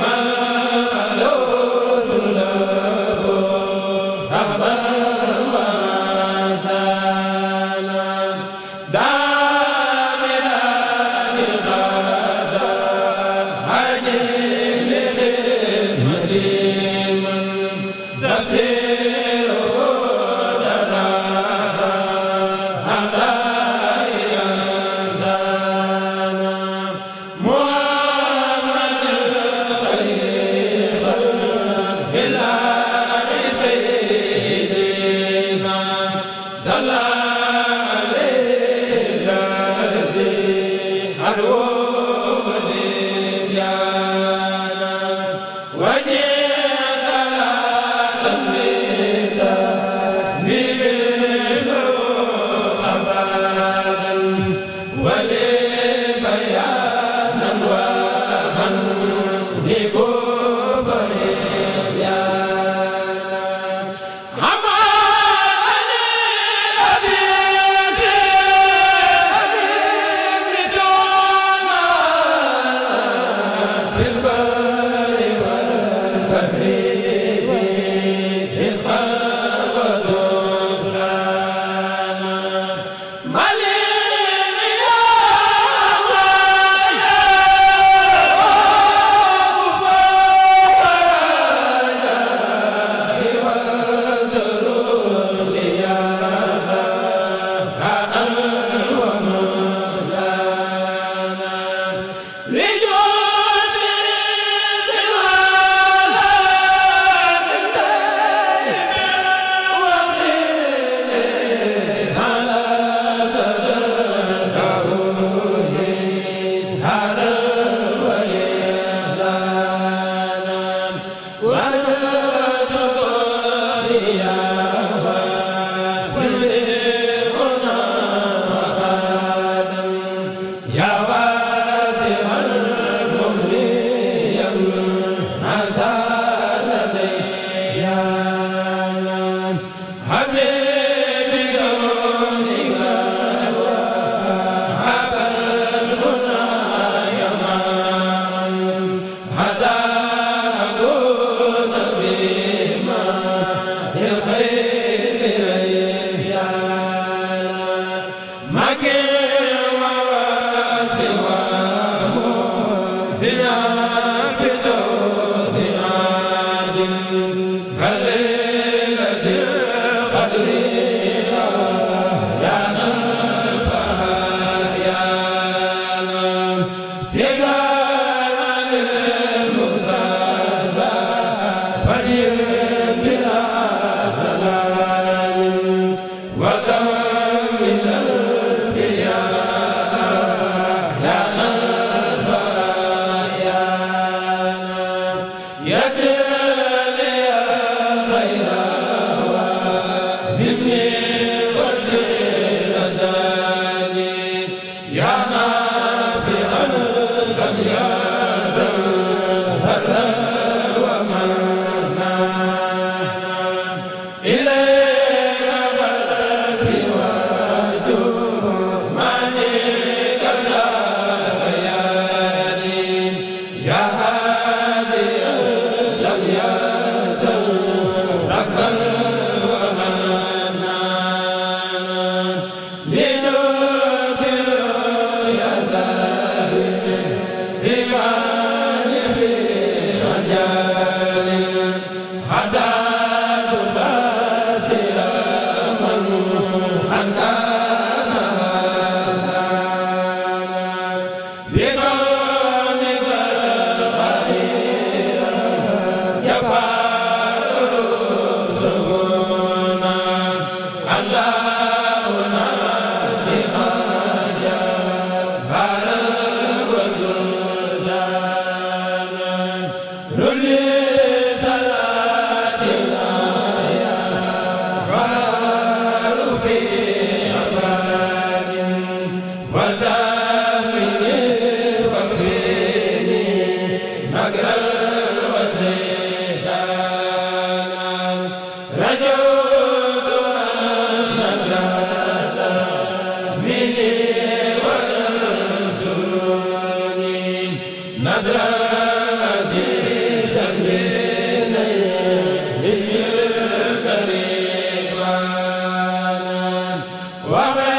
ma léegi jaba wa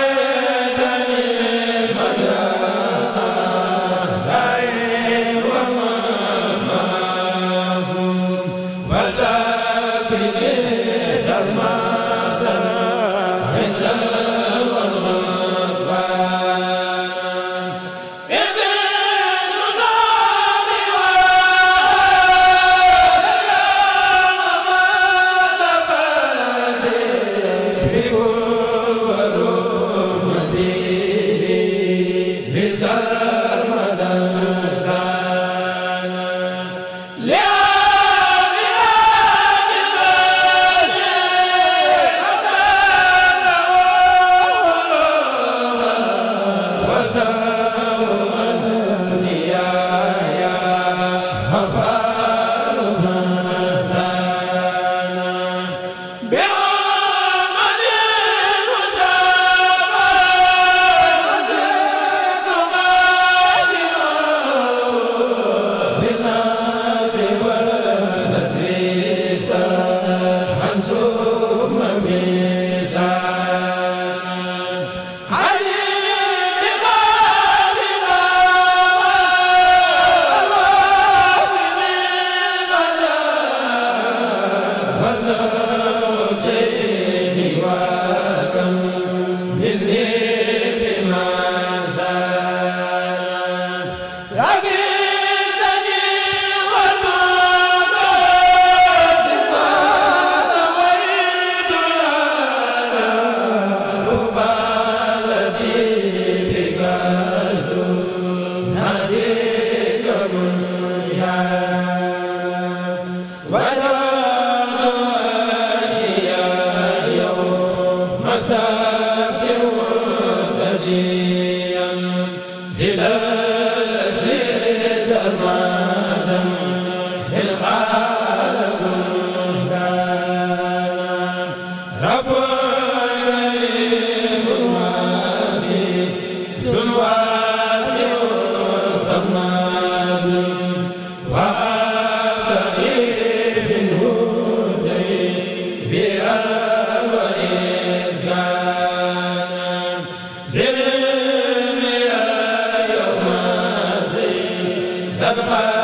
ak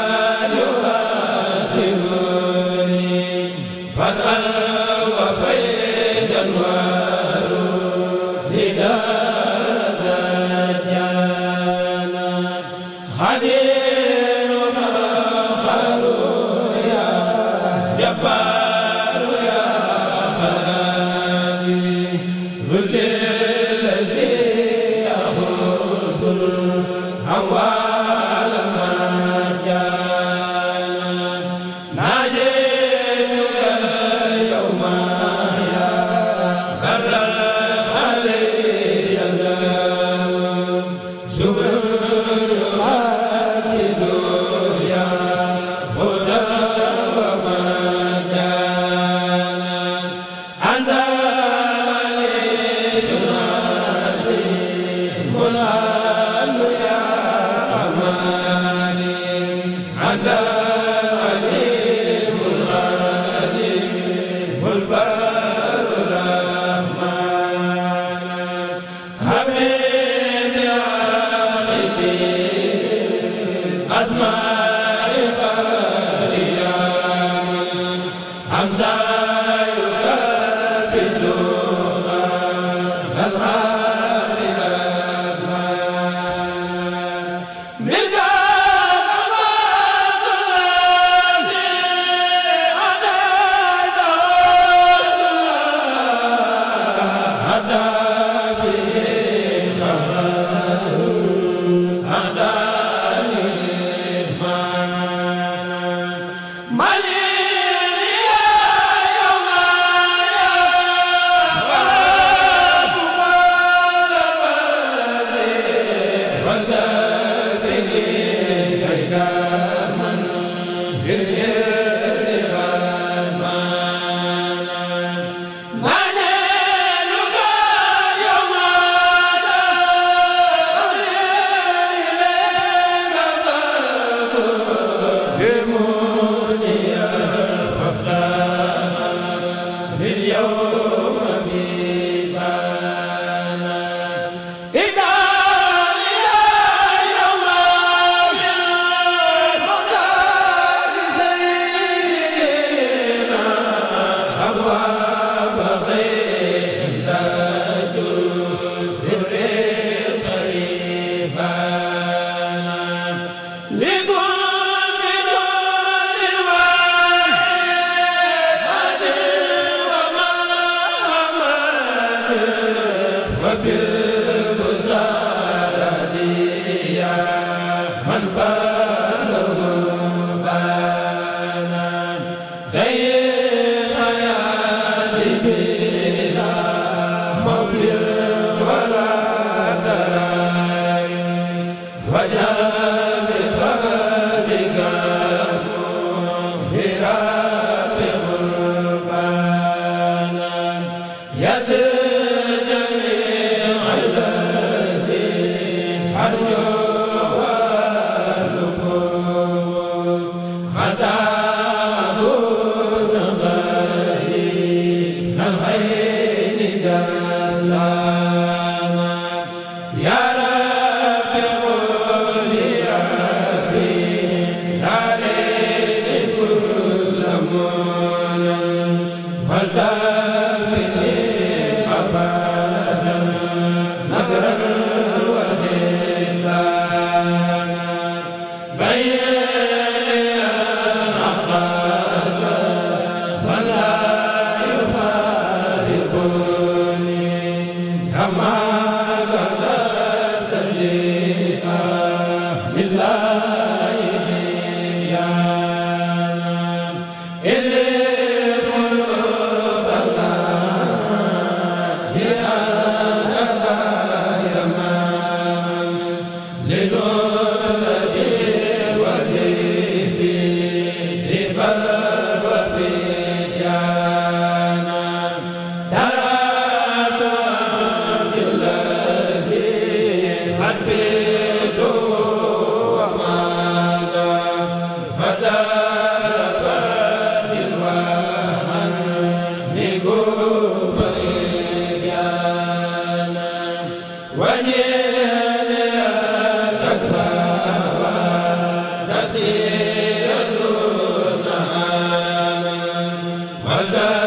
yaa ala